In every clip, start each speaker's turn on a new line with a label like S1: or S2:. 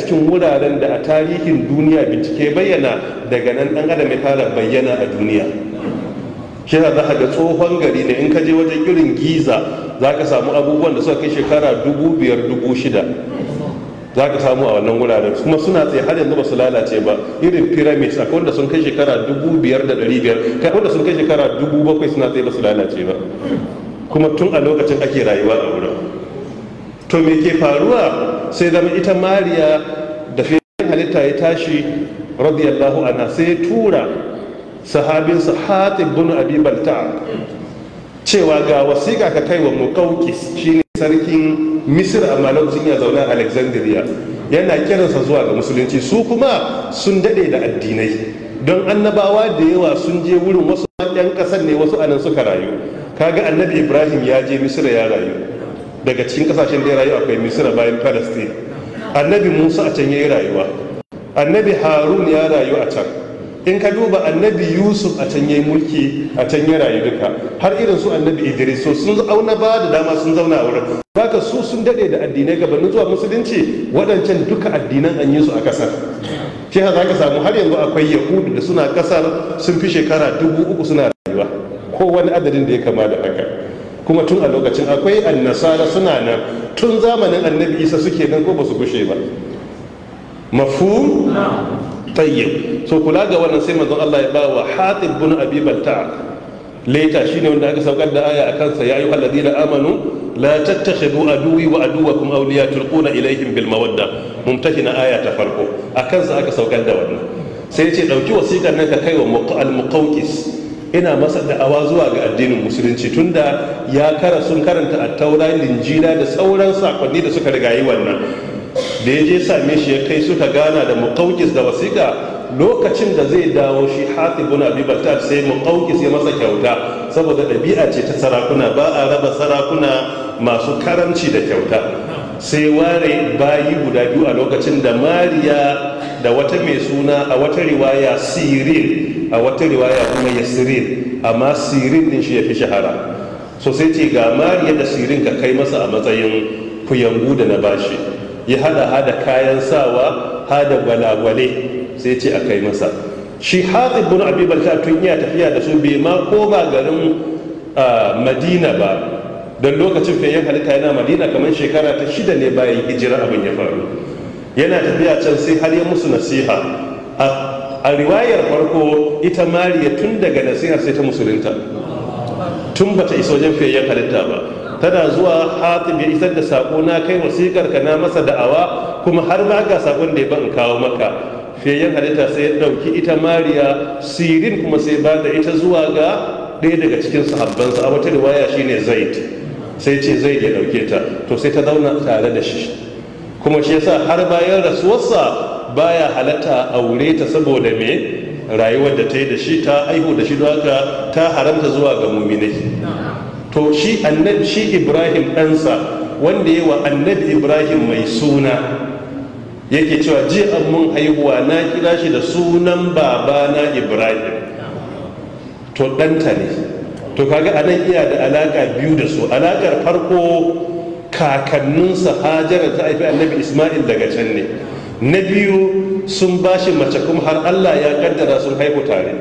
S1: cikin wuraren da a tarihin duniya bincike bayyana daga nan dan adam ya fara bayyana a duniya shi za ka ga tsohon gari ne in ka je wajen irin giza za ka samu abubuwan da suka kai shekara dubu biyar dubu shida za ka samu a wannan wuraren kuma suna tsaye har yanzu ba su lalace ba irin pyramids a wanda sun kai shekara dubu biyar da ɗari biyar kai wanda sun kai shekara dubu bakwai suna tsaye ba su lalace ba kuma tun a lokacin ake rayuwa a wurin to me ke faruwa sai zama ita mariya da fiye halitta ya tashi radiyallahu ana sai ya tura sahabinsa hatib bin abi balta cewa ga wasiƙa ka kai wa muƙauƙis shine sarkin misir amma lokacin ya zauna alexandria yana kiransa zuwa ga musulunci su kuma sun dade da addinai don annabawa da yawa sun je wurin wasu 'yan ƙasar ne wasu anan suka rayu kaga annabi ibrahim ya je misir ya rayu daga cikin kasashen da ya rayu akwai misira bayan palestine annabi musa a can ya yi rayuwa annabi harun ya rayu a can in ka duba annabi yusuf a can ya yi mulki a can ya rayu duka har irin su annabi idris so sun auna ba da dama sun zauna a wurin zaka su sun dade da addinai gabanin zuwa musulunci waɗancan duka addinan an yi su a ƙasar shi za ka samu har yanzu akwai yahudu da suna ƙasar sun fi shekara dubu uku suna rayuwa ko wani adadin da ya kama da haka kuma tun a lokacin akwai annasara suna nan tun zamanin annabi isa suke nan ko ba su gushe ba mafu tayyib so kula ga wannan sai manzon Allah ya ba wa hatib bin abi balta leta shine wanda aka saukar da aya akan sa yayu alladina amanu la tattakhidu aduwi wa aduwakum awliya tulquna ilaihim bil mawadda na aya ta farko akan sa aka saukar da wannan sai ya ce ɗauki wasiƙar nan ka kai wa al muqawqis ina masa da'awa zuwa ga addinin musulunci tunda ya kara sun karanta a taura linjila da sauran sakonni da suka rigayi wannan da ya je same shi ya kai suka gana da muƙaukis da wasiƙa lokacin da zai dawo shi buna abi baktar sai muƙaukis ya masa kyauta saboda ɗabi'a ce ta sarakuna ba a raba sarakuna masu karanci da kyauta sai ware bayi guda biyu a lokacin da mariya da wata mai suna a wata riwaya siril a wata riwaya kuma ya sirin amma sirin din shi ya fi shahara so sai ce ga mariya da sirin ka kai masa a matsayin kuyangu da na bashi ya hada hada kayan sawa hada gwalagwale sai ce a kai masa shi haɗin bin abi balta tun ya tafiya da su bai ma ko ba garin madina ba don lokacin fayyan halitta yana madina kamar shekara ta shida ne bayan hijira abin ya faru yana tafiya can sai har ya musu nasiha a riwayar farko ita mariya tun daga nasiha sai ta musulunta tun bata isa wajen fiyayyen halitta ba tana zuwa hatim ya isar da sako na kai wasikar ka na masa da'awa kuma har ma ga sakon da ya ban kawo maka fiyayyen halitta sai ya ɗauki ita mariya sirin kuma sai ba da ita zuwa ga ɗaya daga cikin sahabbansa a wata riwaya shine zaid sai ce zaid ya ɗauke ta to sai ta zauna tare da shi kuma shi yasa har bayan rasuwarsa baya halatta aure ta saboda me rayuwar da ta yi da shi ta aihu da shi don haka ta haramta zuwa ga muminai to shi annabi shi ibrahim ɗansa wanda yi wa annabi ibrahim mai suna yake cewa ji an mun haihuwa na kira shi da sunan babana ibrahim to ɗanta ne to kaga anan iya da alaka biyu da su alakar farko kakanninsa hajara ta haifi annabi ismail daga can ne na biyu sun ba shi mace kuma har allah ya kaddara sun haihu tare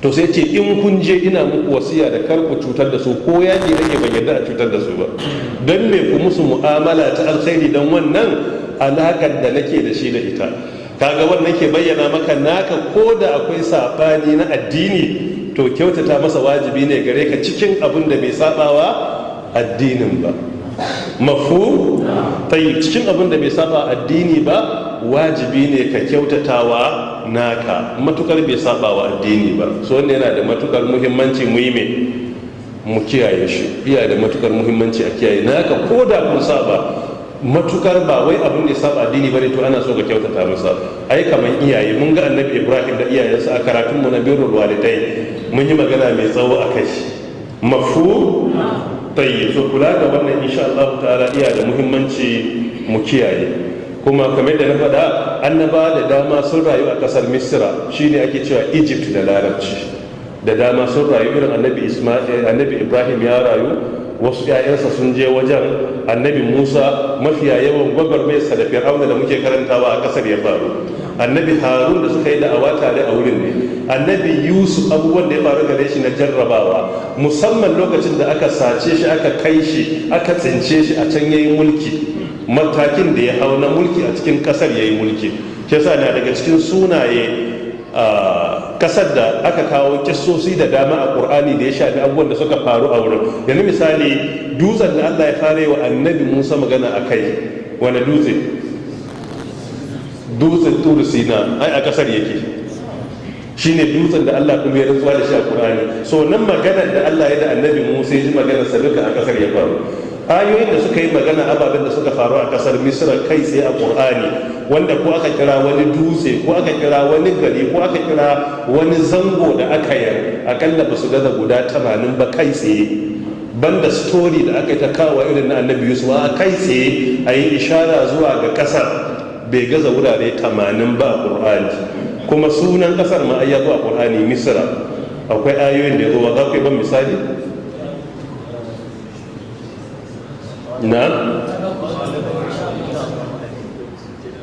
S1: to sai ce in kun je ina muku wasiya da kar ku cutar da su ko yaƙi ake ban yarda a cutar da su ba don me ku musu mu'amala ta alkhairi don wannan alakar da nake da shi da ita kaga wannan ke bayyana maka naka ko da akwai sabani na addini to kyautata masa wajibi ne gare ka cikin abin da bai sabawa addinin ba mafu tayi cikin abin da bai saba addini ba wajibi ne ka kyautatawa naka matukar bai saba wa addini ba so wannan yana da matukar muhimmanci mu yi mu kiyaye shi iya da matukar muhimmanci a kiyaye naka ko da kun saba matukar ba wai abin da ya saba addini bane to ana so ka kyautata masa ai kaman iyaye mun ga annabi ibrahim da iyayensa a karatun mu na birrul walidai mun yi magana mai tsawo akai mafu tayyib so kula ga wannan insha Allah ta'ala iya da muhimmanci mu kiyaye kuma kamar da na faɗa annaba da dama sun rayu a ƙasar misra shine ake cewa egypt da larabci da dama sun rayu irin annabi isma'il annabi ibrahim ya rayu wasu 'ya'yansa sun je wajen annabi musa mafiya yawan gwagwarmayarsa da fir'auna da muke karantawa a ƙasar ya faru annabi harun da suka yi da'awa tare a wurin ne annabi yusuf abubuwan da ya faru gare shi na jarrabawa musamman lokacin da aka sace shi aka kai shi aka tsince shi a can yayi mulki matakin da ya hau na mulki a cikin kasar yayi mulki ke sa na daga cikin sunaye a kasar da aka kawo kisosi da dama a qur'ani da ya shafi abubuwan da suka faru a wurin yanzu misali dutsen da Allah ya fara wa annabi Musa magana a kai, wani dutse dutsen turu sina ai a kasar yake shine dutsen da Allah kuma ya rantsuwa da shi a Qur'ani so nan maganar da Allah ya da annabi Musa ya ji maganar sa duka a kasar ya faru ayoyin da suka yi magana ababen da suka faru a kasar Misra kai tsaye a Qur'ani wanda ko aka kira wani dutse ko aka kira wani gari ko aka kira wani zango da aka yi akalla ba su gaza guda 80 ba kai tsaye banda story da aka yi ta kawo irin na annabi yusuf a kai tsaye a yi ishara zuwa ga kasar bai gaza wurare 80 ba qur'ani kuma sunan kasar ma ai zuwa a qur'ani misra akwai ayoyin da zo ba za ku yi ban misali na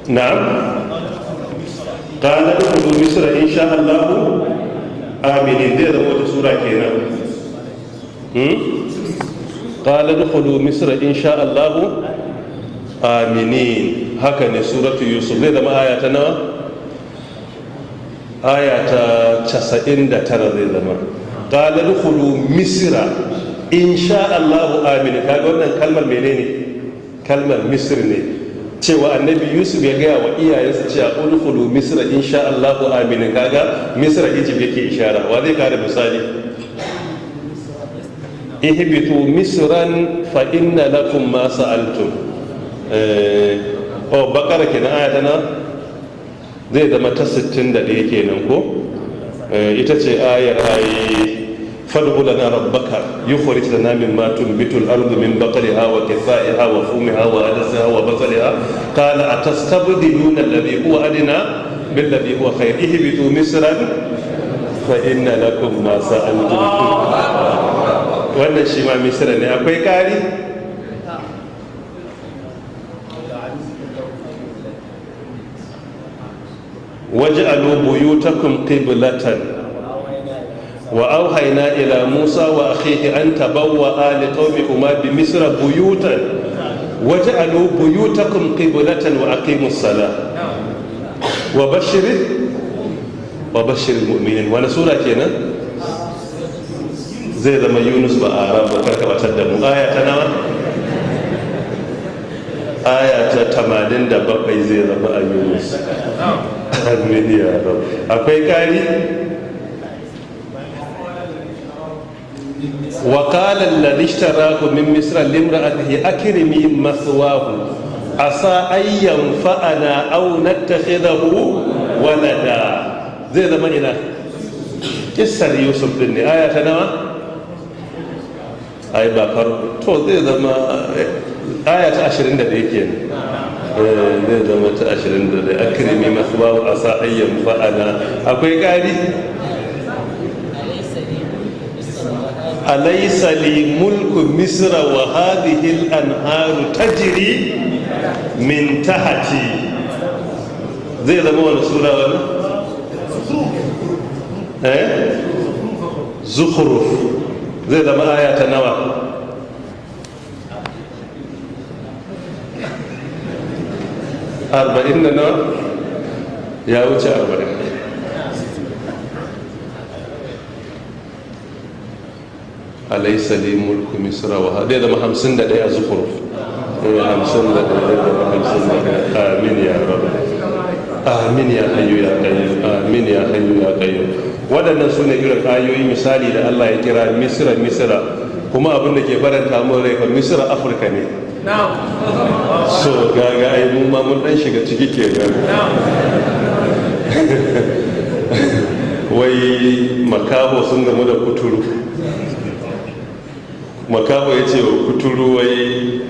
S1: na qala udkhulu misra insha Allah aminin zai zama wata sura kenan قال ادخلوا مصر إن شاء الله آمنين haka ne suratu yusuf zai zama aya ta nawa aya ta casa'in da tara zai zama ƙalar hulu misira in sha allahu amini kaga wannan kalmar menene kalmar misir ne cewa annabi yusuf ya gaya wa iyayensa cewa hulu misira in sha allahu amini kaga misra egypt yake ishara wa zai kare misali ihibitu misran fa inna lakum ma sa'altum eh, o oh, bakara kenan aya tana zai zama ta 61 kenan ko eh, ita ce ayar ayi fadhu lana rabbaka yukhrij lana min ma tunbitu al-ardu min baqliha wa kithaiha wa fumiha wa adasiha wa basaliha qala atastabdiluna alladhi huwa adna bil ladhi huwa khair ihbitu misran fa inna lakum ma sa'altum wannan shi ma misra ne akwai kari waj'alu buyutakum qiblatan wa auhaina ila musa wa akhihi an tabawwa li qaumikuma bi misra buyutan waj'alu buyutakum qiblatan wa aqimus salah wa bashir wa bashir mu'minin wani sura kenan zai zama yunus ba a ran ba karkabatar da mu aya ta nawa aya ta 87 zai zama a yunus Akwai ya Wakalar akwai ƙari min qala alladhi ishtaraku min misra masu wahu A sa ayyan fa'ana aw nattakhidahu walada zai zama ina kisar yusuf din ne aya ta nawa ai ba farko to zai zama eh, aya ta 21 ke eh, zai zama ta 21 a kirimi akwai ƙari alaisa mulku misra wa hadhihi al-anharu tajri min tahti zai zama wani sura wani eh zai zama aya nawa arba'in da nawa ya wuce arba'in alaisa ne mulku misra wa zai zama da ɗaya ɗaya hamsin da ɗaya eh, da mahamsin da ɗaya amin ya rabu amin ya hanyu ya kayo amin ya hanyu ya kayo waɗannan su ne irin ayoyi misali da allah ya kira misra misra kuma abin da ke faranta mun rai ka misra afirka ne so ga ga ai mun ma mun dan shiga ciki ke ga wai makaho sun gamu da kuturu makaho ya ce wa kuturu wai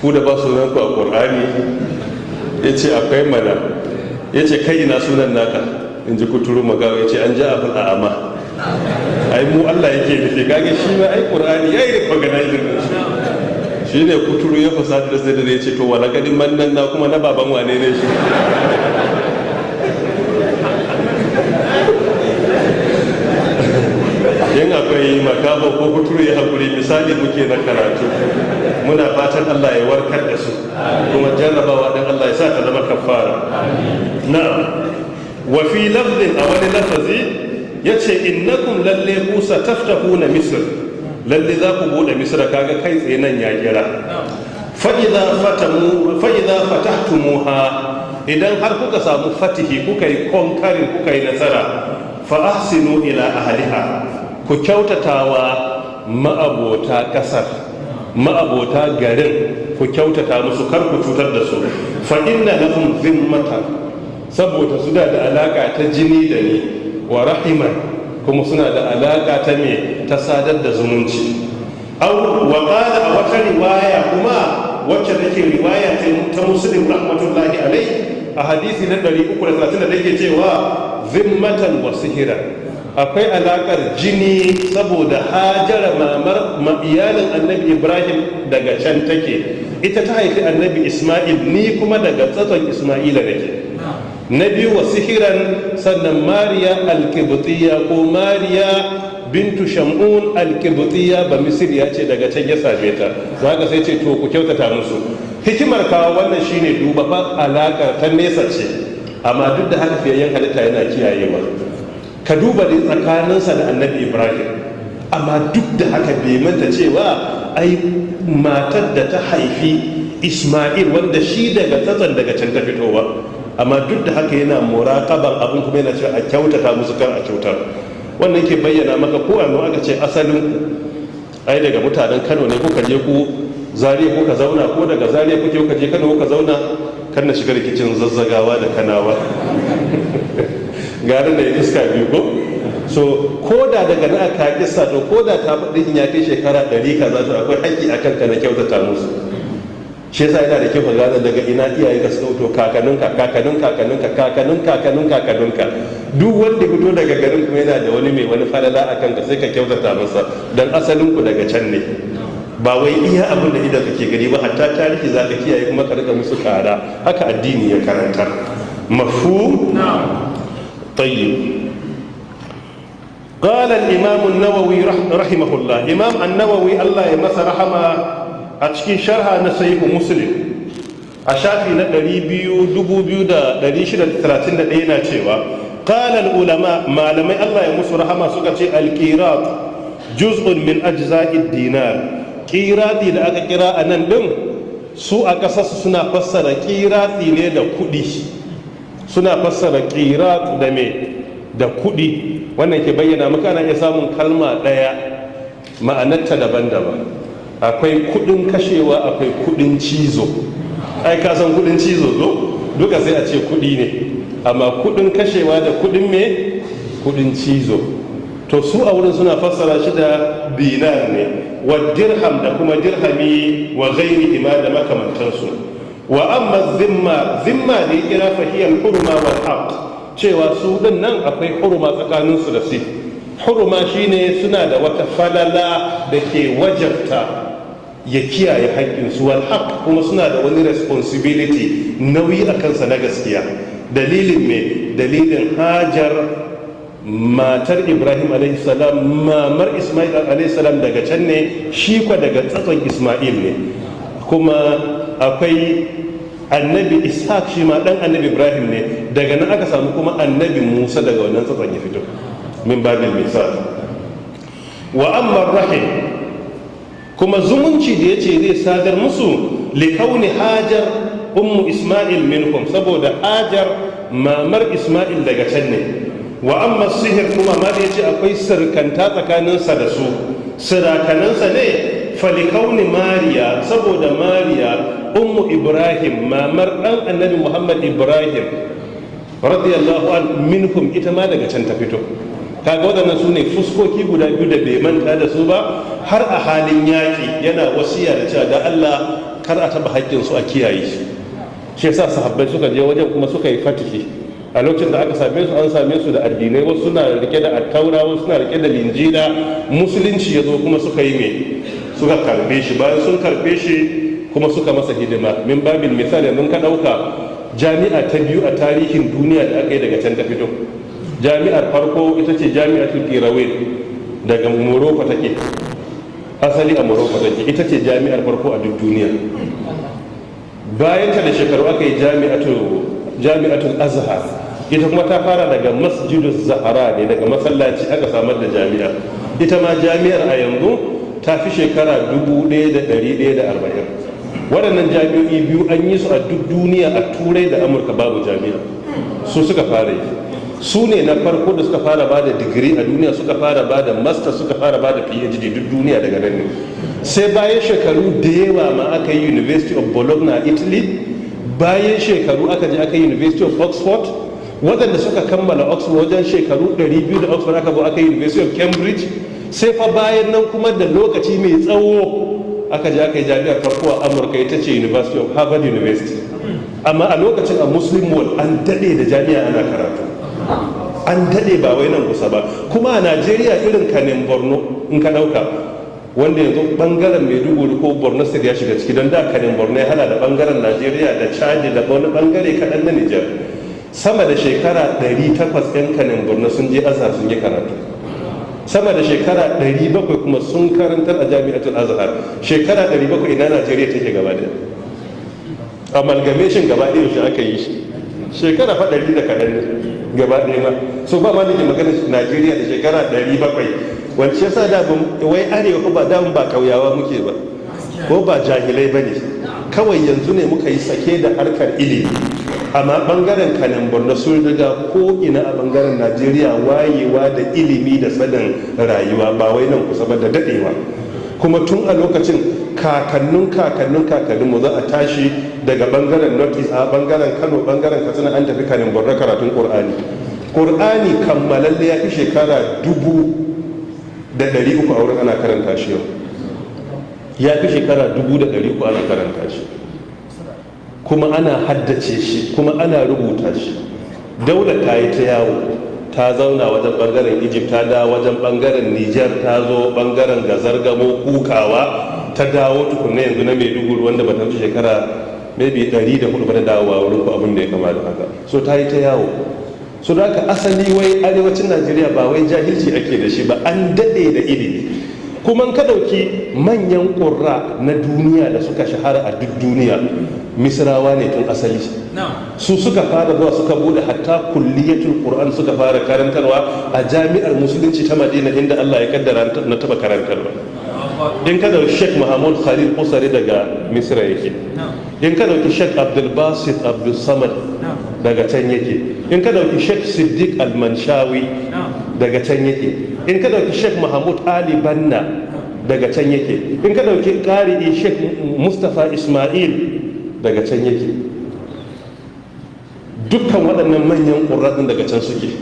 S1: ku da ba nan ku a ƙur'ani ya ce akwai mana ya ce kai na sunan naka in ji kuturu makaho ya ce an ja abin a ama ai mu allah yake ke gage shi ma ai ƙur'ani ya yi su. shi ne kuturu ya fasa da zai da ya ce to wala gadin mannan na kuma na baban wane ne shi yin akwai makaba ko kuturu ya haƙuri misali muke na karatu muna fatan allah ya warkar da su kuma jarrabawa ɗin allah ya sa ta zama kafara na wafi lafzin a wani lafazi ya ce innakum lalle musa taftahu na misir lalle za ku bude misra ga kai tsaye nan ya kira fa'iza fatahtumuha idan har kuka samu fatihi kuka yi konkarin kuka yi nasara fa'asinu ila ahliha ku kyautatawa ma'abota kasar ma'abota garin ku kyautata musu kar ku cutar da su fa inna lahum zimmatan saboda su da alaka ta jini da ni wa rahiman kuma suna da alaƙa ta me ta sadar da zumunci au wa qala a wata riwaya kuma wacce take riwaya ta muslim rahmatullahi alai a hadisi na 330 da take cewa zimmatan wa sihira. akwai alaƙar jini saboda hajara mamar iyalin annabi ibrahim daga can take ita ta haifi annabi isma'il ni kuma daga tsatson isma'ila nake na biyu wa sihiran sannan mariya alkibutiya ko mariya bintu shamun alkibutiya ba misir ya ce daga can ya same ta za ka sai ce to ku kyautata musu hikimar kawo wannan shine duba ba alaƙar ta nesa ce amma duk da haka fiyayyen halitta yana kiyayewa ka duba da tsakaninsa da annabi ibrahim amma duk da haka bai manta cewa ai matar da ta haifi isma'il wanda shi daga tsatsan daga can ta fitowa amma duk da haka yana muraqaban abin kuma yana cewa a kyautata musu kan a kyautar wannan ke bayyana maka ko a aka ce asalin ku ai daga mutanen Kano ne kuka je ku zariya kuka zauna ko daga zariya kuke kuka je Kano kuka zauna kan na shiga rikicin zazzagawa da kanawa ga da ya iska biyu ko so ko da daga na ka kissa to ko da ta faɗi ya kai shekara ɗari kaza to akwai haƙƙi akan ka na kyautata musu shi yasa yana da kyau ka gane daga ina iyaye ka suka fito kakaninka kakanin kakaninka kakanin kakanin kakaninka duk wanda fito daga garin kuma yana da wani mai wani falala a kanka sai ka kyautata masa dan asalin ku daga can ne ba wai iya abin da idan kake gani ba hatta tarihi za ka kiyaye kuma ka rika musu kara haka addini ya karantar mafhum na'am tayyib قال الإمام النووي رحمه الله إمام النووي الله يمسى رحمه a cikin sharha na sahihu muslim a shafi na 2631 na cewa qala ulama malamai Allah ya musu rahama suka ce al juz'un min ajza'id dinar qirati da aka kira nan ɗin, su a ƙasar suna fassara qirati ne da kuɗi, suna fassara qirat da me da kuɗi wannan ke bayyana maka na iya samun kalma ɗaya, ma'anarta daban-daban akwai kudin kashewa akwai kudin cizo ai ka san kudin cizo zo duka sai a ce kudi ne amma kudin kashewa da kudin me kudin cizo to su a wurin suna fassara shi da dinar ne wa dirham da kuma dirhami wa ghairi ima da makamantansu wa amma zimma zimma ne kira fahiyar hurma wal haq cewa su din nan akwai hurma tsakaninsu da su huruma shine suna da wata falala da ke wajarta ya kiyaye haƙƙinsu wal haƙ kuma suna da wani responsibility nauyi a kansa na gaskiya dalilin me dalilin hajar matar ibrahim salam mamar ismail salam daga can ne shi kwa daga tsatson ismail ne kuma akwai annabi ishaq shi ma dan annabi ibrahim ne daga nan aka samu kuma annabi musa daga wannan tsatson ya fito min babin misali wa amma rahim kuma zumunci da ya ce zai sadar musu likauni hajar ummu isma'il minhum saboda hajar mamar isma'il daga can ne wa amma sihir kuma ma ce akwai sirkanta tsakaninsa da su sirakanansa ne falikauni mariya saboda mariya ummu ibrahim mamar ɗan annabi muhammad ibrahim radiyallahu an minhum ita ma daga can ta fito kaga waɗannan su ne fuskoki guda biyu da bai manta da su ba har a halin yaƙi yana wasiya da cewa da Allah kar a taɓa hakkin su a kiyaye shi shi yasa sahabbai suka je wajen kuma suka yi fatihi a lokacin da aka same su an same su da addinai wasu suna rike da attaura wasu suna rike da linjina musulunci ya zo kuma suka yi me suka karbe shi bayan sun karɓe shi kuma suka masa hidima min babin misali mun ka ɗauka jami'a ta biyu a tarihin duniya da aka yi daga can ta fito jami'ar farko ita ce jami'atul qirawin daga morocco take asali a morocco take ita ce jami'ar farko a duk duniya bayan ta da shekaru aka yi jami'atul azhar ita kuma ta fara daga masjidus zahara ne daga masallaci aka samar da jami'ar. ita ma jami'ar a yanzu ta fi shekara 1140 waɗannan jami'o'i biyu an yi su a duk duniya a turai da amurka babu jami'a su suka fara yi su ne na farko da suka fara ba da digiri a duniya suka fara ba da master suka fara ba da phd duk duniya daga nan ne sai bayan shekaru da yawa ma aka yi university of bologna italy bayan shekaru aka je aka yi university of oxford waɗanda suka kammala oxford wajen shekaru 200 da oxford aka zo aka yi university of cambridge sai fa bayan nan kuma da lokaci mai tsawo aka je aka yi jami'ar farko a amurka ita ce university of harvard university amma a lokacin a muslim world an daɗe da jami'a ana karatu an daɗe ba wai nan kusa ba kuma a najeriya irin kanin borno in ka ɗauka wanda yanzu bangaren maiduguri ko borno state ya shiga ciki don da kanin borno ya hana da bangaren najeriya da chadi da wani bangare kaɗan na nijar sama da shekara 800 'yan kanin borno sun je azhar sun yi karatu sama da shekara 700 kuma sun karantar a jami'atul azhar shekara 700 ina najeriya take gaba da amalgamation gaba ɗaya shi aka yi shi shekara fa ɗari da kaɗan ne gaba ɗaya ma so ba ma da ke magana najeriya da shekara ɗari bakwai wani ya sa da wai arewa ko ba damun ba ƙauyawa muke ba ko ba jahilai ba ne kawai yanzu ne muka yi sake da harkar ilimi amma bangaren kanin borno sun riga ko ina a bangaren najeriya wayewa da ilimi da sanin rayuwa ba wai nan kusa ba da daɗewa kuma tun a lokacin kakannin kakannin kakannin mu za a tashi daga bangaren north a bangaren kano bangaren katsina an tafi kanin borne karatun qur'ani qur'ani kammalalle ya fi shekara dubu da ɗari uku a wurin ana karanta shi yau ya fi shekara dubu da ɗari uku ana karanta shi kuma ana haddace shi kuma ana rubuta shi daular ta yi ta yawo ta zauna wajen bangaren egypt ta da wajen bangaren niger ta zo bangaren gazargamo kukawa ta dawo tukunna yanzu na maiduguri wanda bata fi shekara maybe 104 bata dawowa wurin ku abin da ya kama da haka so ta yi ta yawo so da haka asali wai arewacin najeriya ba wai jahilci ake da shi ba an daɗe da ilimi kuma ka ɗauki manyan ƙurra na duniya da suka shahara a duk duniya misrawa ne tun asali su suka fara zuwa suka bude hatta kulliyatul qur'an suka fara karantarwa a jami'ar musulunci ta madina inda allah ya kaddara na taba karantarwa in ka dauki sheikh muhammad khalil usari daga misra yake in ka dauki sheikh abdul basit abdul samad daga can yake in ka dauki sheikh siddiq al-manshawi daga can yake in ka ɗauki sheikh mahmud ali banna daga can yake in ka ɗauki ƙari'i sheikh mustapha ismail daga can yake dukkan waɗannan manyan ƙur'anin daga can suke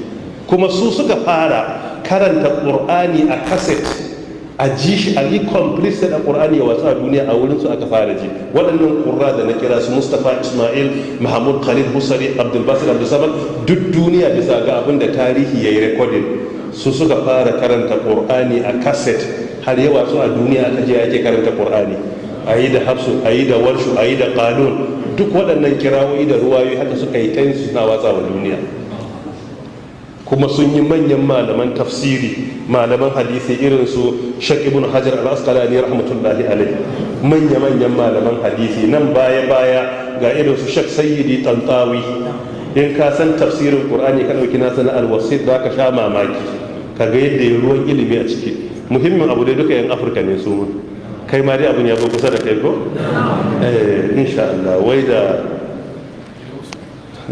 S1: kuma su suka fara karanta ƙur'ani a kaset a ji shi a yi complete da ƙur'ani a wasu a duniya a wurin aka fara ji waɗannan ƙurra da na kira su mustapha ismail mahmud khalid musari abdulbasir abdulsamad duk duniya bisa ga abin da tarihi ya yi rekodin su suka fara karanta ƙur'ani a kaset har yawa su a duniya aka je ake karanta ƙur'ani a yi da hafsu a yi da warshu a yi da kanun duk waɗannan kirawoyi da ruwayoyi haka suka yi ta suna watsa wa duniya kuma sun yi manyan malaman tafsiri malaman hadisi irin su shak ibn hajar al-asqalani rahmatullahi alaihi manya manyan malaman hadisi nan baya baya ga irin su shak sayyidi tantawi in ka san tafsirin qur'ani ka dauki nasa na alwasit za ka sha mamaki ka ga yadda ya ruwan ilimi a ciki muhimmin abu dai duka yan afirka ne su mun kai ma dai abun ya zo kusa da kai ko eh insha Allah wai da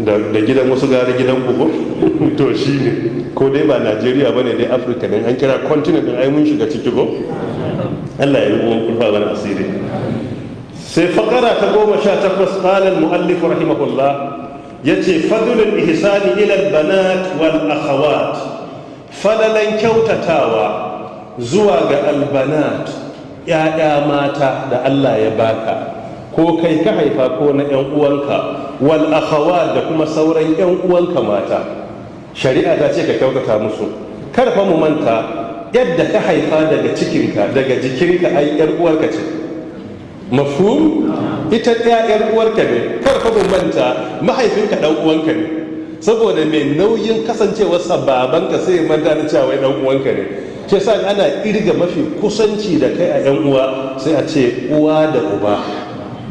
S1: da gidan wasu gari gidan buhu to shi ne ko dai ba najeriya ba ne dai afirka ne an kira continent din ai mun shiga ciki ko allah ya yi kuma kulfa bana asiri sai fakara ta goma sha takwas kalan mu'allifu rahimahullah Ya yace fadlul ihsani ilal banat wal akhawat fadalan kyautatawa zuwa ga albanat ya'ya mata da Allah ya baka ko kai ka haifa ko na yan uwanka wal akhawat da kuma sauran yan uwanka mata shari'a ta ce ka kyautata musu kar fa mu manta yadda ka haifa daga cikinka daga jikinka ai yar uwarka ce mafhum ita ɗaya uwarka ne kar ka manta mahaifinka ɗan uwanka ne saboda mai nauyin kasancewarsa babanka sai ya manta da cewa dan uwanka ne ke sa ana irga mafi kusanci da kai a yan uwa sai a ce uwa da uba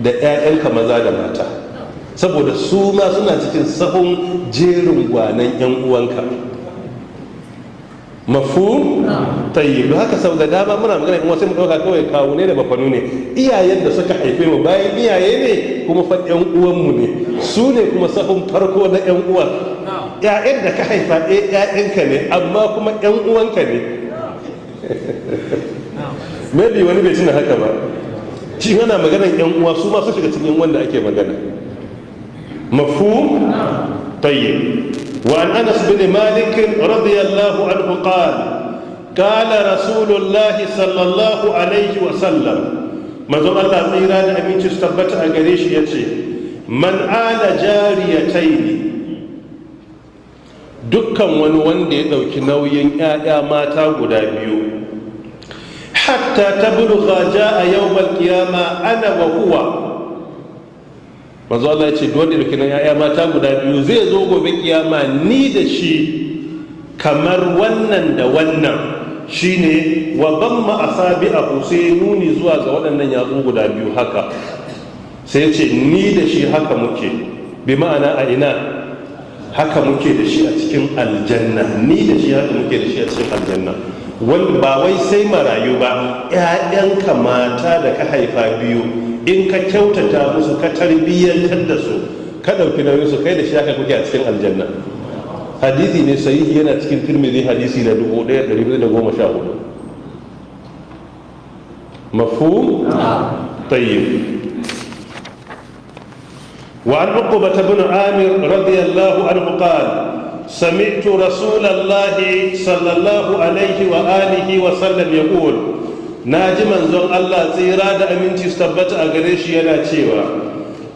S1: da 'ya'yanka maza da mata saboda su ma suna cikin sahun jerin gwanan yan uwanka mafu tayyib haka sau da dama muna magana in wasu mu dauka kawai kawo ne da bafanu ne iyayen da suka haife mu bayan iyaye ne kuma fa yan uwan mu ne su ne kuma sahun farko na yan uwan ƴaƴan da ka haifa eh ka ne amma kuma yan uwanka ne maybe wani bai tuna haka ba shi yana magana yan uwa su ma su shiga cikin wanda ake magana mafu tayyib وعن أنس بن مالك رضي الله عنه قال قال رسول الله صلى الله عليه Allah tsira da aminci su tabbata a gare shi ya ce man ala jariyatai ne dukkan wani wanda ya ɗauki nauyin 'ya'ya mata guda biyu hatta ta bulga ja a yau kiyama ana wa huwa manzo Allah ya ce dole da kinan ya'ya mata guda biyu zai zo gobe kiyama ni da shi kamar wannan da wannan shine wa ma asabi a sai nuni zuwa ga waɗannan yatsu guda biyu haka sai ce ni da shi haka muke bi ma'ana a ina haka muke da shi a cikin aljanna ni da shi haka muke da shi a cikin aljanna Wani ba wai sai marayu ba 'ya'yanka mata da ka haifa biyu in ka kyautata musu ka tarbiyyantar da su ka ɗauki nauyin su kai da shi aka kuke a cikin aljanna hadisi ne sai yana cikin tirmidhi hadisi na 1114 Mafu, tayyib wa an ta ibn amir radiyallahu anhu sami sami'tu rasulallahi sallallahu alayhi wa alihi wa sallam yaqul na ji manzon allah tsira da aminci su tabbata a gare shi yana cewa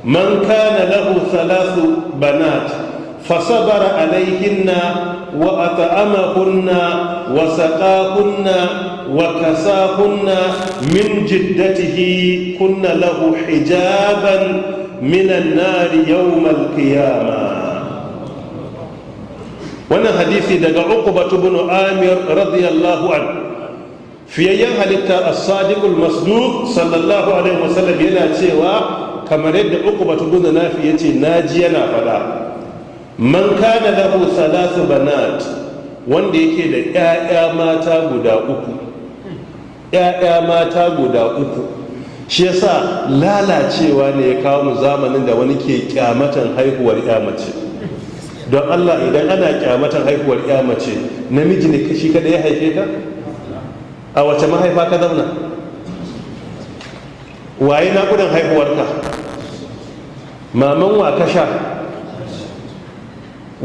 S1: man kana lahu thalathu banat fasabara alaihinna wa ata'amahunna wa saqahunna wa kasahunna min jiddatihi kunna lahu hijaban an-nar yawm al-qiyamah wannan hadisi daga بن ibn Amir radiyallahu anhu fiyayyen halitta a sadiqul masduq sallallahu alaihi wasallam yana cewa kamar yadda uku uqba na nafi na naji yana fada man kana lahu salasu banat wanda yake da ƴaƴa mata guda uku ƴaƴa mata guda uku shi yasa lalacewa ne ya kawo mu zamanin da wani ke kyamatan haihuwar ƴa mace don Allah idan ana kyamatan haihuwar ƴa mace namiji ne kashi kada ya haife ka? a wace mahaifa ka zauna waye kudin haihuwarka maman wa ka sha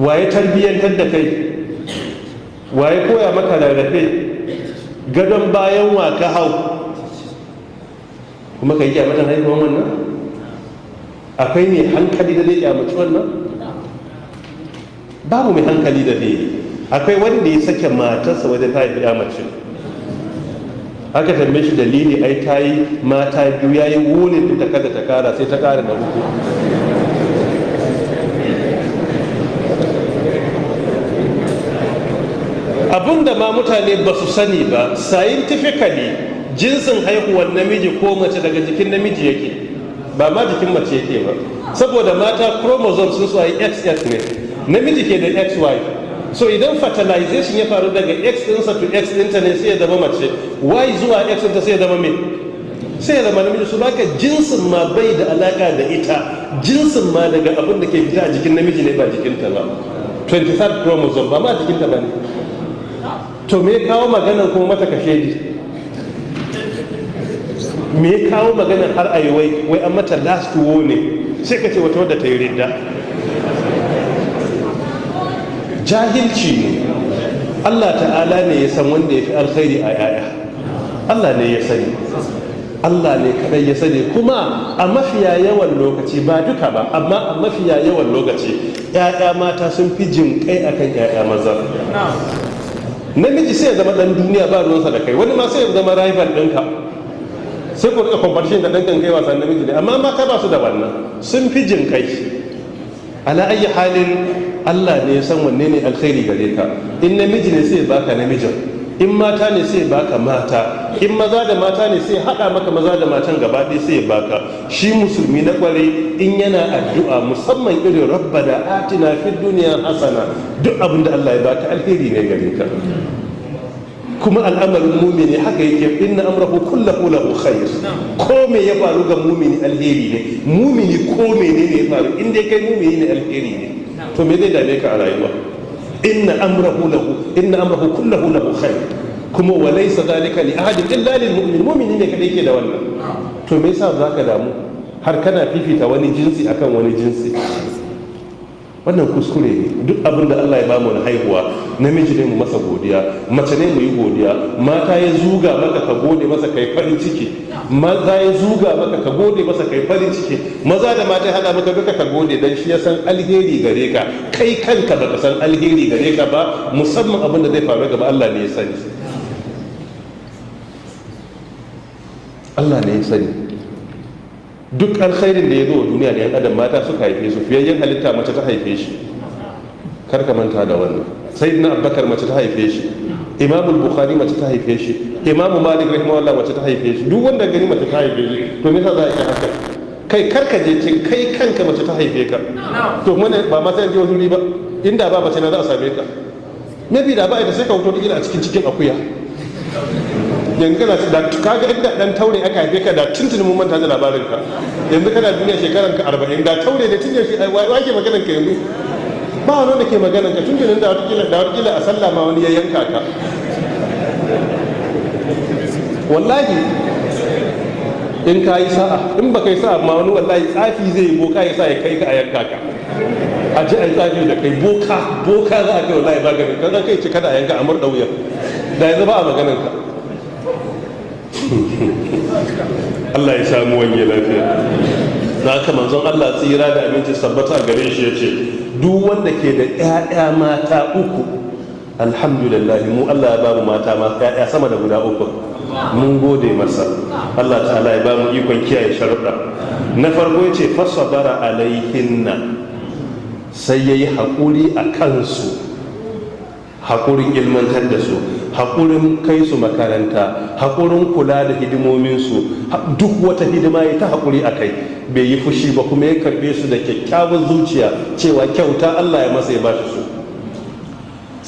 S1: waye tarbiyyantar da kai waye koya maka rarrafe gadon bayan wa ka hau kuma ka yi kyamatan haihuwan wannan akwai ne hankali da zai kyamaci wannan babu mai hankali da zai akwai wanda ya sake matarsa wajen ta haifi mace aka tambaye shi dalili ai ta yi mata biyu ya yi wunin da kada ta kara sai ta kara da uku abin da ma mutane ba su sani ba scientifically jinsin haihuwar namiji ko mace daga jikin namiji yake ba ma jikin mace yake ba saboda mata chromosomes sun su yi xx ne namiji ke da xy so idan fertilization ya faru daga x ɗinsa to x ɗinta ne sai ya zama mace y zuwa x ɗinta sai ya zama me sai ya zama namiji su baka jinsin ma bai da alaka da ita jinsin ma daga abin da ke fita a jikin namiji ne ba jikin ta ba 23rd chromosome ba ma ta ba ne to me kawo maganar kuma mata ka ji me kawo maganar har a yi wai wai an mata last war ne sai ka ce wata wadda ta yi ridda jahilci ne Allah ta'ala ne ya san wanda ya fi alkhairi a yaya Allah ne ya sani Allah ne kadai ya sani kuma a mafiya yawan lokaci ba duka ba amma a mafiya yawan lokaci ya'ya mata sun fi jin kai akan ya'ya maza namiji sai ya zama dan duniya ba ruwansa da kai wani ma sai ya zama rival ɗinka sai ku rika competition da ɗan kai wasan namiji ne amma mata ba su da wannan sun fi jin kai ala ayi halin Allah ne ya san wanne ne alkhairi gare ka in namiji ne sai baka namijin in mata ne sai baka mata in maza da mata ne sai haɗa maka maza da matan gaba ɗaya sai baka shi musulmi na kware in yana addu'a musamman irin rabba da atina fid duniya hasana duk abin da Allah ya baka alheri ne gare ka kuma al'amarin mumini haka yake inna amrahu kullahu lahu khair ko me ya faru ga mumini alheri ne mumini ko menene ya faru in kai mumini ne alheri ne to me zai dame ka a rayuwa inna amrahu lahu inna amrahu kullahu lahu khair kuma wa laysa dhalika li ahadin illa lil mu'min mu'min ne kadai ke da wannan to me yasa zaka damu har kana fifita wani jinsi akan wani jinsi wannan kuskure ne duk abin da Allah ya ba mu na haihuwa namiji ne mu masa godiya mace ne mu yi godiya mata ya zuga maka ka gode masa kai farin ciki maza ya zuga maka ka gode masa kai farin ciki maza da mata hada maka duka ka gode dan shi ya san alheri gare ka kai kanka baka san alheri gare ka ba musamman abin da zai faru gaba Allah ne ya sani Allah ne ya sani duk alkhairin da ya zo wa duniya da yan adam mata suka haife su fiye yin halitta mace ta haife shi kar ka manta da wannan na abubakar mace ta haife shi imam bukhari mace ta haife shi imam malik rahimahullah mace ta haife shi duk wanda gani mace ta haife shi to me za a yi haka kai kar ka je cin kai kanka mace ta haife ka to mun ba ma sai je wani ba inda ba mace na za a same ka nabi da ba ita sai ka wuto da a cikin cikin akuya yanzu kana da kaga inda dan taure aka haife ka da tuntun mun manta da labarin ka yanzu kana duniya shekaran ka 40 da taure da tun yaushe wake maganar ka yanzu ba wani da ke maganar ka tun da wata da wata a sallah ma wani ya yanka ka wallahi in ka yi sa'a in ba ka yi sa'a ma wani wallahi tsafi zai yi boka ya sa ya kai ka a yanka ka a ji a yi tsafi da kai boka boka za a kai wallahi ba ka kai kai yi cika da a yanka a murɗa wuya da yanzu ba a maganin ka Allah ya samu wange lafiya na haka manzon Allah tsira da aminci sabbata a gare shi ya ce duk wanda ke da ƴaƴa mata uku alhamdulillah mu Allah ya ba mu mata ma ƴaƴa sama da guda uku
S2: mun gode masa Allah
S1: ta'ala ya ba mu ikon kiyaye sharuɗa na farko ya ce fasabara alaihinna sai yayi yi haƙuri a kansu haƙurin ilmantar da su haƙurin kai su makaranta haƙurin kula da hidimominsu duk wata hidima ya ta haƙuri a kai bai yi fushi ba kuma ya karɓe su da kyakkyawar zuciya cewa kyauta allah ya masa ya ba su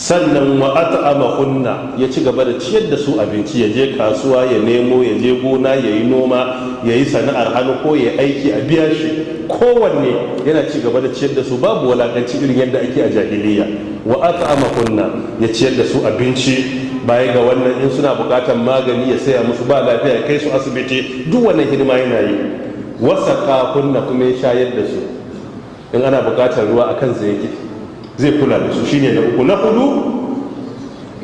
S1: sannan wa'ata at'ama hunna ya ci gaba da ciyar da su abinci ya je kasuwa ya nemo ya je gona ya yi noma ya yi sana'ar hannu ko ya aiki a biya shi kowanne yana ci gaba da ciyar da su babu walakanci irin yadda ake a jahiliya wa'ata at'ama hunna ya ciyar da su abinci baya ga wannan in suna bukatar magani ya saya musu ba lafiya ya kai su asibiti duk wannan hidima yana yi wasa kunna kuma ya shayar da su in ana bukatar ruwa akan zai zai kula da su shine da uku na hudu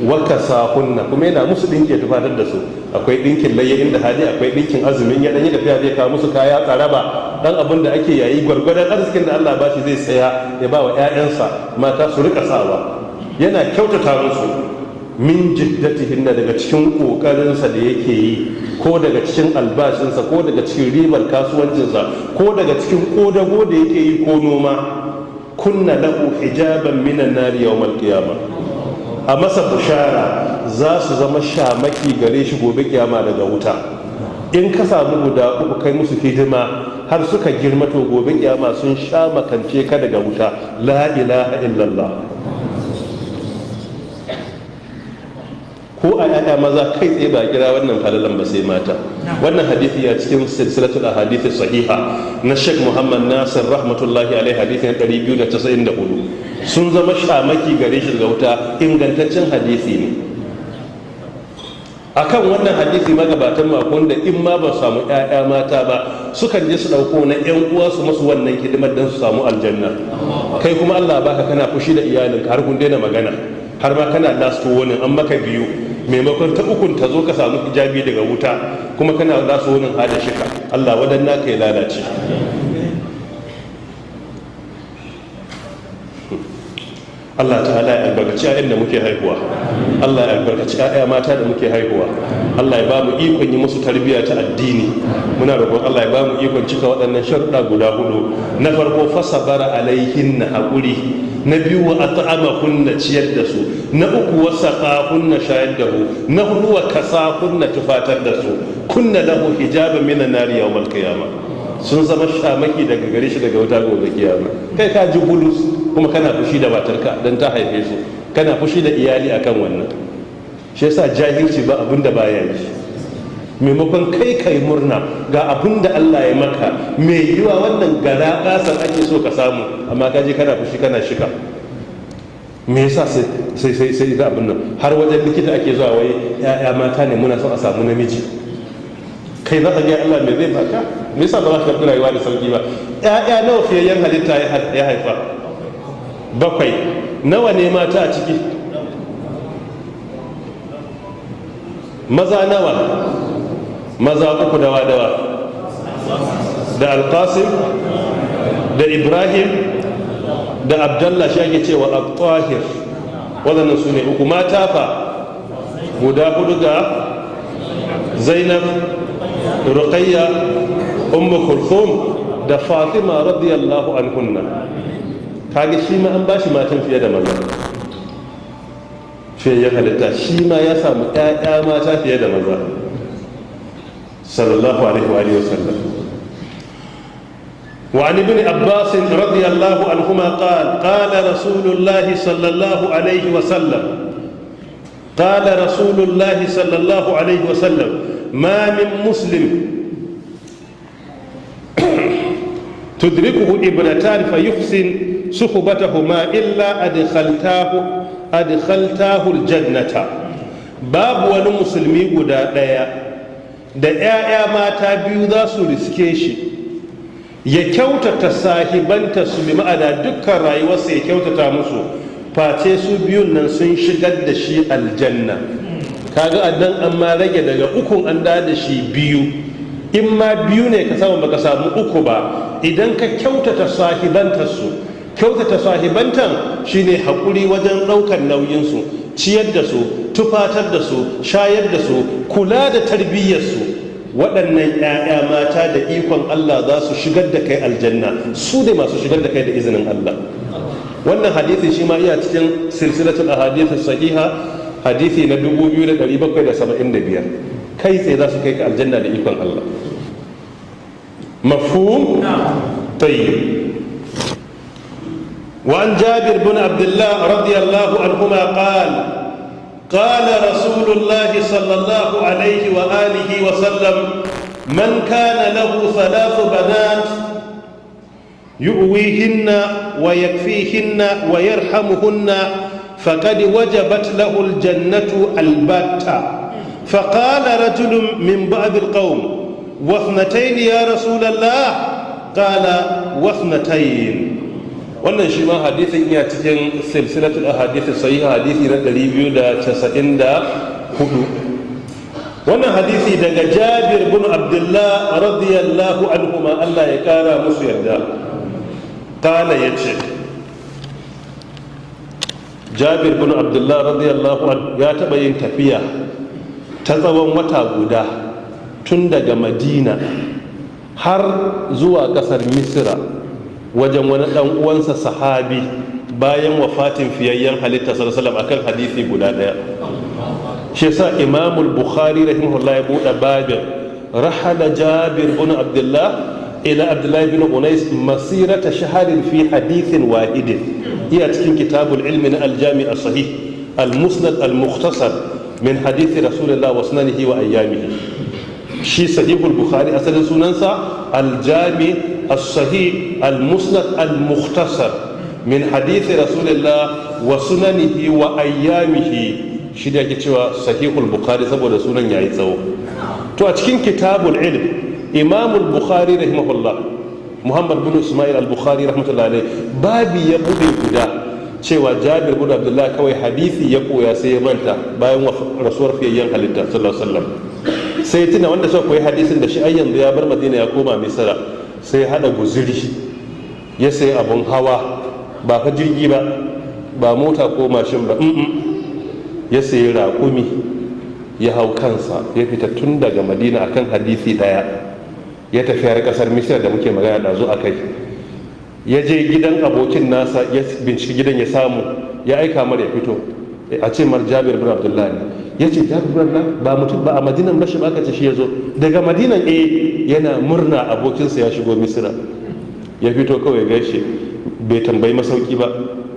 S1: waka sahunna kuma yana musu dinki tufatar da su akwai dinkin layya inda hali akwai dinkin azumin ya danyi tafiya zai kawo musu kaya tsaraba dan abin da ake yayi gwargwadon arzikin da Allah ba shi zai tsaya ya ba wa ƴaƴansa mata su rika sawa yana kyautata musu min jiddatihinna daga cikin kokarinsa da yake yi ko daga cikin albashinsa ko daga cikin ribar kasuwancinsa ko daga cikin kodago da yake yi ko noma kunna lahu hijaban minan nari yawmal qiyama a masa bushara za su zama shamaki gare shi gobe kiyama daga wuta in ka samu guda uku kai musu hidima har suka girma to gobe kiyama sun sha makance ka daga wuta la ilaha illallah ko a yaya maza kai tsaye ba kira wannan falalan ba sai mata wannan hadithi ya cikin silsilatul ahadithi sahiha na Sheikh Muhammad Nasir rahmatullahi alaihi hadithin na 294 sun zama shamaki gare shi daga wuta ingantaccen hadithi ne akan wannan hadithi magabatan makon da in ma ba samu yaya mata ba sukan je su ɗauko na yan uwa su masu wannan hidimar don su samu aljanna kai kuma Allah baka kana fushi da iyalinka har kun daina magana har ma kana lasu warning an maka biyu maimakon ta ukun ta zo ka samu hijabi daga wuta kuma kana za su wani hada shika allah wadanna ka ya lalace Allah ta'ala ya albarkaci ƴaƴan da muke haihuwa Allah ya albarkaci ƴaƴa mata da muke haihuwa Allah ya ba mu ikon yi musu tarbiyya ta addini muna roƙon Allah ya ba mu ikon cika waɗannan sharuɗa guda hudu na farko fasa bara alaihin na haƙuri na biyu wa at'ama kunna ciyar da su na uku wa saqa kunna shayar da hu na hudu wa kasa kunna tufatar da su kunna lahu hijaban min an-nar yawm al qiyama sun zama shamaki daga gare shi daga wata gobe kiyama kai ka ji bulus kuma kana fushi da matarka dan ta haife su kana fushi da iyali akan wannan shi yasa jahilci ba abinda baya yi maimakon kai kai murna ga abin da Allah ya maka mai yiwa wannan gara kasar ake so ka samu amma ka je kana fushi kana shika me yasa sai sai sai ga abin nan har wajen likita ake zuwa wai ya'ya mata ne muna son a samu namiji kai za ka ga Allah me zai baka me yasa ba za ka karɓi rayuwa da sauki ba ya nawa yan halitta ya haifa bakwai nawa ne mata a ciki maza nawa maza uku dawa dawa da alkasim da ibrahim da abdallah shi ake cewa abtahir waɗannan su ne uku mata fa guda hudu ga zainab ruqayya ummu kulthum da fatima radiyallahu anhunna kage shi ma an bashi matan fiye da maza fiye ya halitta shi ma ya samu ƴaƴa mata fiye da maza صلى الله عليه وآله وسلم وعن ابن عباس رضي الله عنهما قال قال رسول الله صلى الله عليه وسلم قال رسول الله صلى الله عليه وسلم ما من مسلم تدركه ابنتان فيحسن صحبتهما إلا أدخلتاه أدخلتاه الجنة باب ولمسلمي قد da 'ya'ya mata biyu za su riske shi ya kyautata sahibanta su bi ma'ana dukkan rayuwarsa ya kyautata musu face su biyun nan sun shigar da shi aljanna kaga annan an ma rage daga ukun an da da shi biyu in ma biyu ne ka samu baka samu uku ba idan ka kyautata sahibanta su kyautata sahibantan shine hakuri wajen ɗaukar nauyinsu ciyar da su tufatar da su shayar da su kula da tarbiyyar su. waɗannan 'ya'ya mata da ikon Allah za su shigar da kai aljanna su ne masu shigar da kai da izinin Allah wannan hadisi shi ma iya cikin silsilatul ahadith sahiha hadisi na 2775 kai tsaye za su kai ka aljanna da ikon Allah mafhum tayyib وعن جابر بن عبد الله رضي الله عنهما قال قال رسول الله صلى الله عليه وآله وسلم من كان له ثلاث بنات يؤويهن ويكفيهن ويرحمهن فقد وجبت له الجنة البتة فقال رجل من بعض القوم واثنتين يا رسول الله قال واثنتين wannan shi ma hadithin iya cikin silsilatul ahadith Sai hadisi na 294 wannan hadisi daga Jabir bin Abdullah radiyallahu anhu ma Allah ya kara musu yadda kana yace Jabir bin Abdullah radiyallahu anhu ya taba yin tafiya ta tsawon wata guda tun daga Madina har zuwa kasar Misra wajen wani dan uwansa sahabi bayan wafatin fiyayyen halitta sallallahu akan hadisi guda daya shi sa imamul bukhari rahimahullah ya buɗe babin rahala jabir bin abdullah ila abdullah bin unais masirata shaharin fi hadithin wahidin iya cikin kitabul ilmi na aljami as-sahih al-musnad al-mukhtasar min hadithi rasulillah wa sunanihi wa ayyamihi shi sahihul bukhari asalin sunansa aljami الصحيح المسند المختصر من حديث رسول الله وسننه وأيامه shi da yake cewa sahihul bukhari saboda sunan yayi tsawo to a cikin kitabul ilm imamul bukhari rahimahullah muhammad bin ismail al-bukhari rahmatullahi babi ya bude guda cewa jabir bin abdullah kawai hadisi ya koya sai ya manta bayan rasuwar fiyayyen halitta sallallahu alaihi wasallam sai tuna wanda suka koyi hadisin da shi ai yanzu ya bar madina ya koma misra sai hada guziri ya sai abun hawa ba ka jirgi ba ba mota ko mashin ba ya sayi raƙumi ya hau kansa ya fita tun daga madina akan hadisi daya ya tafiyar har kasar misir da muke magana ɗazu a kai ya je gidan abokin nasa ya binciki gidan ya samu ya aika mar ya fito a ce mar jabir bin abdullahi ya ce jabirin nan ba mutum ba a madinan bashi ba aka ce shi ya zo daga madinan eh yana murna abokinsa ya shigo misira ya fito kawai gaishe bai tambayi masauki ba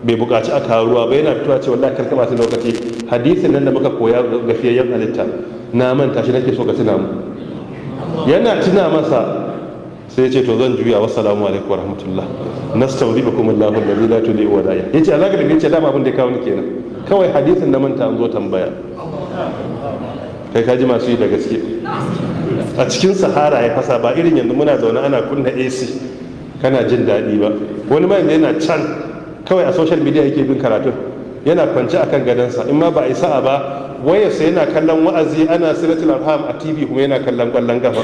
S1: bai buƙaci a ruwa ba yana fitowa cewa Allah karka ta lokaci hadisin nan da muka koya ga yan halitta na manta shi nake so ka tuna mu yana tuna masa sai ya ce to zan juya wassalamu alaikum warahmatullah nastawdibukum Allahu alladhi la tudi'u wadaya yace alaka da yace dama abin da ya kawo ni kenan kawai hadisin na manta an zo tambaya kai kaji masu yi da gaske a cikin sahara ya fasa ba irin yanzu muna zaune ana kunna ac kana jin daɗi ba wani ma da yana can kawai a social media yake bin karatun yana kwance a kan gadonsa in ma ba a yi sa'a ba wayarsa yana kallon wa'azi ana siratul arham a tv kuma yana kallon kwallon gaba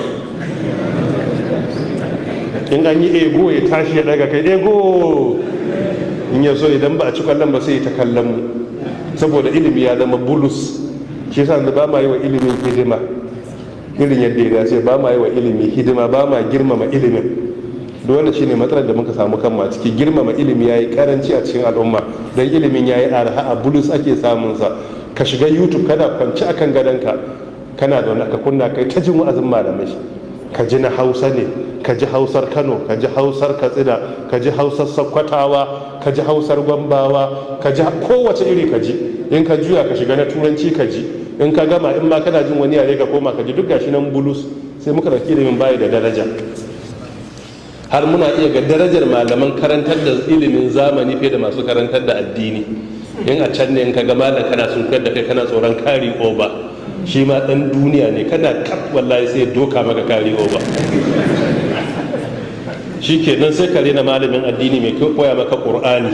S1: in an yi ego ya tashi ya daga kai ego in ya so idan ba a ci kwallon ba sai ta kallon mu saboda ilimi ya zama bulus shi yasa ba ma yi wa ilimin hidima irin yadda ya dace ba ma yi wa ilimi hidima ba ma girmama ilimin dole ne matsalar da muka samu kanmu a ciki girmama ilimi ya yi karanci a cikin al'umma don ilimin ya yi arha a bulus ake samunsa ka shiga youtube kana kwanci kan gadonka kana da wani aka kunna kai ta jin wa'azin malamai ka ji na hausa ne ka ji hausar kano ka ji hausar katsina ka ji hausar sakkwatawa ka ji hausar gwambawa ka ji kowace iri ka ji in ka juya ka shiga na turanci ka ji in ka gama in ma kana jin wani yare ka koma ka ji duk gashi nan bulus sai muka dauki ilimin baya da daraja har muna iya ga darajar malaman karantar da ilimin zamani fiye da masu karantar da addini in a can ne in ka ga malam kana sunkar da kai kana tsoron kari oba shi ma dan duniya ne kana kaf wallahi sai doka maka kari oba shi ke nan sai ka na malamin addini mai koya maka qur'ani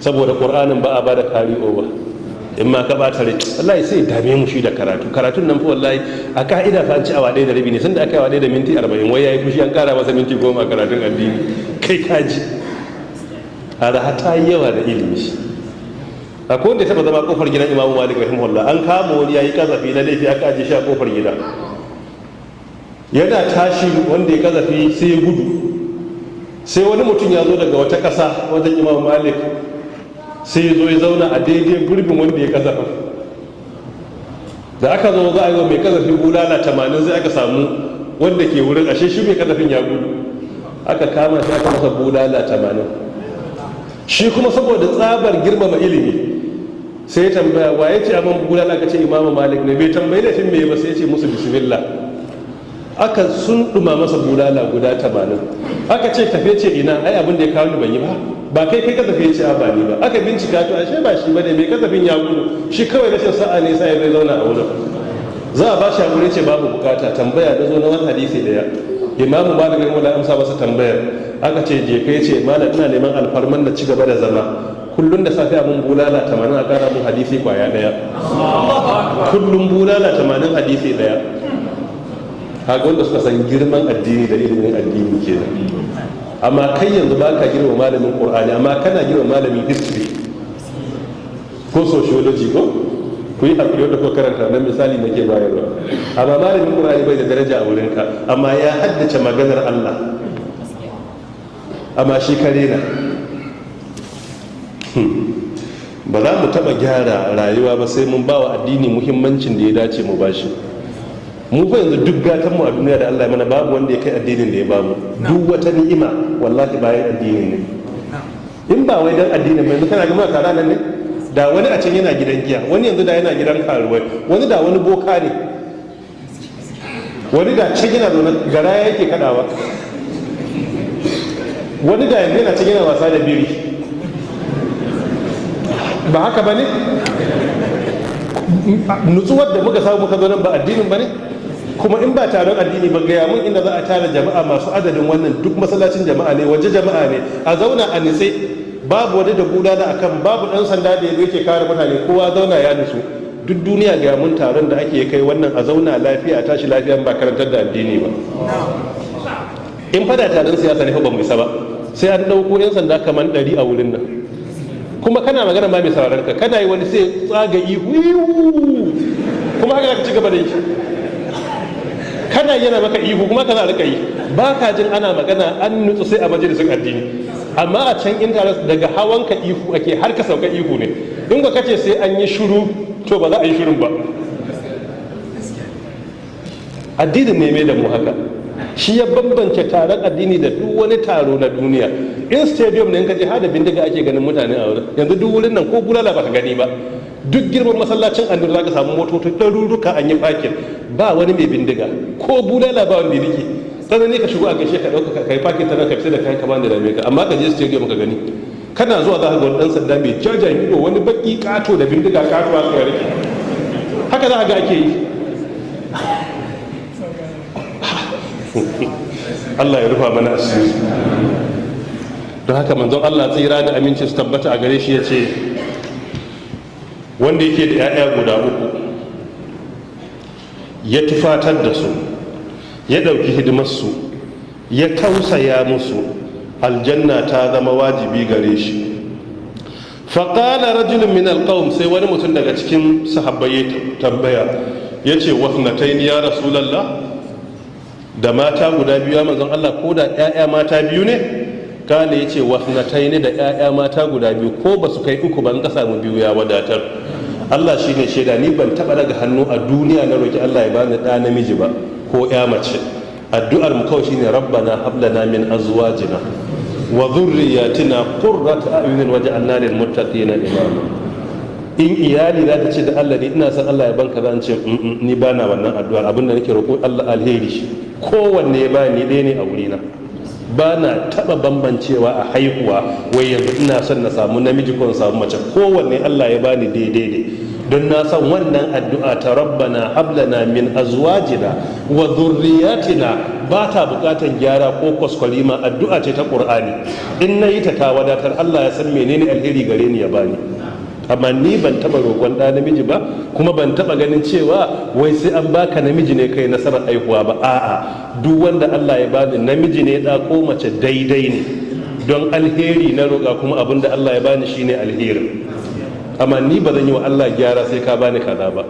S1: saboda qur'anin ba a bada kari oba in ma ka bata rai wallahi sai dame mu shi da karatu karatun nan fa wallahi a ka'ida fa an ci awa 1 da rabi ne sanda aka yi awa 1 da minti arba'in wai yayi fushi an ƙara masa minti goma karatun addini kai kaji araha ta yi yawa da ilimi a ko da taɓa zama kofar gidan imamu malik rahimahullah an kama wani yayi kazafi na laifi aka aje shi a kofar gida yana tashi wanda ya kazafi sai ya gudu sai wani mutum ya zo daga wata ƙasa wajen imamu malik sai ya zo ya zauna a daidai gurbin wanda ya kazafa da aka zo za a yi wa mai kazafin bulala tamanin zai aka samu wanda ke wurin ashe shi mai kazafin ya gudu aka kama shi aka masa bulala tamanin shi kuma saboda tsabar girmama ilimi sai ya tambaya ya ce abin bulala ka ce imamu malik ne bai tambayi da shi ya ba sai ya ce musu bismillah aka sun ɗuma masa bulala guda tamanin aka ce tafe ce ina ai abin da ya kawo ni ban yi ba ba kai kai kasafe ya ce a bani ba aka bincika to ashe ba shi bane mai kasafin ya gudu shi kawai rashin sa'a ne sai zai zauna a wurin za a ba shi hakuri ce babu bukata tambaya da zo na wani hadisi daya imamu da gani wala amsa masa tambaya aka ce je kai ce malam ina neman alfarman da cigaba da zama kullum da safiya mun bulala tamanin a kara mun hadisi kwaya daya kullum bulala tamanin hadisi daya kaga wanda suka san girman addini da ilimin addini kenan amma kai yanzu ba ka girma malamin ƙur'ani, amma kana girma malamin history ko sociology ko ku yi haƙuri da ko karanta nan misali na ke bayarwa amma malamin ƙur'ani bai da daraja a wurinka amma ya haddace maganar Allah amma shi kare na hmm. ba za mu taba gyara rayuwa ba sai mun ba wa addini muhimmancin da ya dace mu bashi mu fa yanzu duk gatan mu a duniya da Allah mana babu wanda ya kai addinin da ya bamu duk wata ni'ima wallahi bayan addinin ne in ba wai dan addinin ba yanzu kana ga muna tare nan ne da wani a can yana gidan giya wani yanzu da yana gidan karuwai wani da wani boka ne wani da can yana zaune gara yake kadawa wani da yanzu yana can yana wasa da biri ba haka ba ne nutsuwar da muka samu muka zo nan ba addinin ba ne kuma in ba taron addini ba gaya mun inda za a tara jama'a masu adadin wannan duk masallacin jama'a ne waje jama'a ne a zauna a nitse babu wani da gudana akan babu dan sanda da yake kare mutane kowa zauna ya nitsu duk duniya ga mun taron da ake kai wannan a zauna lafiya a tashi lafiya ba karantar da addini ba in fada taron siyasa ne ba mu isa ba sai an dauko yan sanda kaman ɗari a wurin nan kuma kana magana ba mai sauraron ka kana yi wani sai tsaga ihu kuma haka ka ci gaba da yi kana yana maka ihu kuma kana rika yi ba ka jin ana magana an nutsu sai a majalisun addini amma a can intanet daga hawan ka ihu ake har ka sauka ihu ne in ka kace sai an yi shiru to ba za a yi shirun ba addinin ne mai da mu haka shi ya bambance taron addini da duk wani taro na duniya in stadium ne in kaje hada bindiga ake ganin mutane a wurin yanzu duk wurin nan ko bulala baka gani ba duk girman masallacin annabi ka samu motoci ɗaruruka an yi fakin ba wani mai bindiga ko bulala ba wani yake sannan ne ka shigo a gaishe ka ɗauka ka yi fakin tana ka fita da kayan ka da rame ka amma ka je stadium ka gani kana zuwa za ka ga ɗan sanda mai jaja ido wani baki ƙato da bindiga ƙato a tsaye haka za ka ga ake yi Allah ya rufa mana asiri don haka manzon Allah tsira da aminci su tabbata a gare shi ya ce wanda yake da 'ya'ya guda uku ya tufatar da su ya ɗauki hidimarsu ya tausaya musu aljanna ta zama wajibi gare shi faƙala rajulun min alƙawun sai wani mutum daga cikin sahabbai ya tambaya ya ce ya rasulallah da mata guda biyu ya manzon Allah ko da 'ya'ya mata biyu ne kane ya ce wasnatai ne da 'ya'ya mata guda biyu ko ba su kai uku ban ka samu biyu ya wadatar Allah shi ne shaida ni ban taba daga hannu a duniya na roki Allah ya bani ɗa namiji ba ko ya mace addu'ar mu kawai shine rabbana hab lana min azwajina wa dhurriyyatina qurrata a'yunin waj'alna lil muttaqina imama in iyali za ta ce da Allah ne ina san Allah ya banka zan ce mm, mm, ni ba na wannan addu'ar abinda nake roƙo Allah alheri shi kowanne ba ni ɗaya ne a wurina ba na taɓa bambancewa a haihuwa wai yanzu ina son na samu namiji ko samu mace kowanne Allah ya bani daidai ne don na san wannan addu'a ta rabbana hablana min azwajina wa zurriyatina ba ta bukatar gyara ko ma addu'a ce ta ƙur'ani. in nayi ta ta wadatar Allah ya san menene alheri gare ni ya bani amma ni ban taba roƙon ɗa namiji ba kuma ban taba ganin cewa wai sai an baka namiji ne kai nasarar aihuwa ba a'a duk wanda Allah ya bani namiji ne ɗa ko mace daidai ne don alheri na roƙa kuma abin da Allah ya bani shine alheri. amma ni ba zan yi wa Allah gyara sai ka bani kaza ba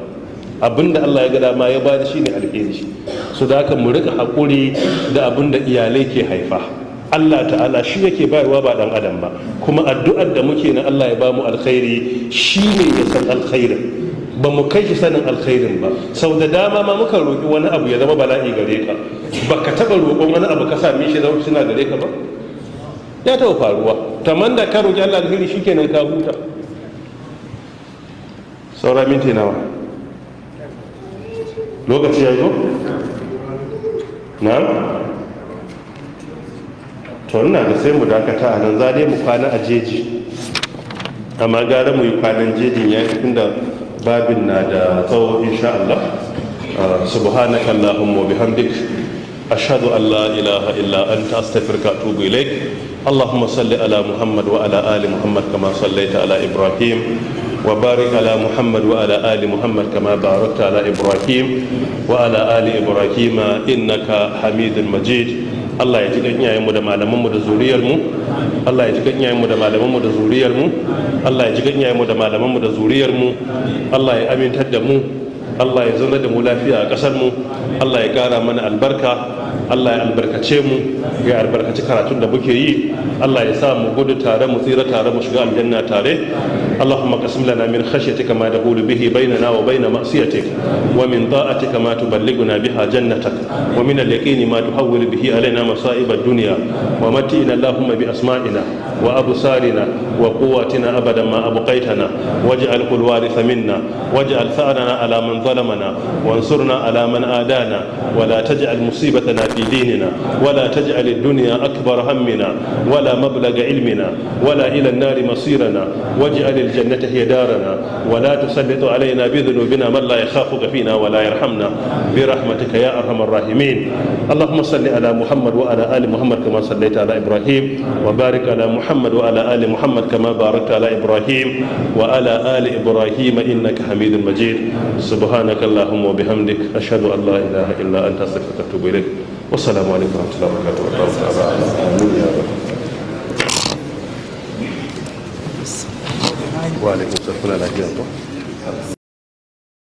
S1: abin da Allah ya ga dama ya bani shine alheri Su da haka mu rika haƙuri da abin da iyalai ke haifa Allah ta'ala shi yake bayarwa ba dan adam ba kuma addu'ar da muke na Allah ya ba mu alkhairi shi ne ya san alkhairin ba mu kai shi sanin alkhairin ba sau da dama ma muka roƙi wani abu ya zama bala'i gare ka ba ka taɓa roƙon wani abu ka sami shi zama suna gare ka ba ya taɓa faruwa taman da ka roƙi Allah alkhairi shi kenan ka huta saura minti nawa lokaci ya yi ko
S2: na'am
S1: to ina da sai mu dakata a nan za dai mu kwana a jeji amma gara mu yi kwanan jejin ya fi tunda babin na da tsawo insha Allah ah, subhanaka allahumma bihamdik ashhadu an la ilaha illa anta astaghfiruka wa atubu ilaik اللهم صل على محمد وعلى ال محمد كما صليت على ابراهيم وبارك على محمد وعلى ال محمد كما باركت على ابراهيم وعلى ال ابراهيم انك حميد مجيد Allah ya ji kan mu da mu da zuriyar mu Allah ya ji kan mu da mu da zuriyar mu Allah ya ji kan mu da mu da zuriyar mu Allah ya amintar da mu Allah ya zauna da mu lafiya a ƙasar mu Allah ya ƙara mana albarka Allah ya albarkace mu ya albarkaci karatun da muke yi Allah ya sa mu gudu tare mu tsira tare mu shiga aljanna tare اللهم اقسم لنا من خشيتك ما تقول به بيننا وبين معصيتك ومن طاعتك ما تبلغنا بها جنتك ومن اليقين ما تحول به علينا مصائب الدنيا ومتئنا اللهم بأسمائنا وأبصارنا وقواتنا أبدا ما أبقيتنا واجعله الوارث منا واجعل ثأرنا على من ظلمنا وانصرنا على من آدانا ولا تجعل مصيبتنا في ديننا ولا تجعل الدنيا أكبر همنا ولا مبلغ علمنا ولا إلى النار مصيرنا واجعل الجنة هي دارنا ولا تسلط علينا بذنوبنا من لا يخافك فينا ولا يرحمنا برحمتك يا أرحم الراحمين اللهم صل على محمد وعلى آل محمد كما صليت على إبراهيم وبارك على محمد محمد وعلى آل محمد كما باركت على إبراهيم وعلى آل إبراهيم إنك حميد مجيد سبحانك اللهم وبحمدك أشهد أن لا إله إلا أنت أستغفرك وأتوب إليك والسلام عليكم ورحمة الله وبركاته والله تعالى آمين يا رب
S2: وعليكم السلام ورحمة الله وبركاته